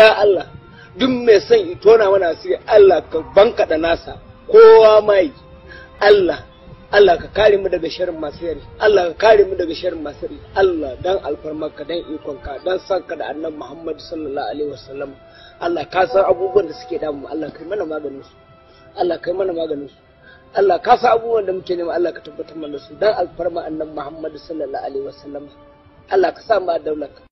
ya Allah duk mai son itona mana asiri Allah ka bankaɗa nasa kowa mai Allah Allah ka kare mu daga sharrin masu yari Allah ka kare mu daga sharrin masu yari Allah dan alfarmarka dan ikonka dan sanka da annabi Muhammad sallallahu alaihi wasallam Allah ka san abubuwan da suke damu Allah kai mana maganin su Allah kai mana maganin su Allah ka san abubuwan da muke nema Allah ka tabbatar mana su dan alfarma annabi Muhammad sallallahu alaihi wasallam Allah ka sa mu a daular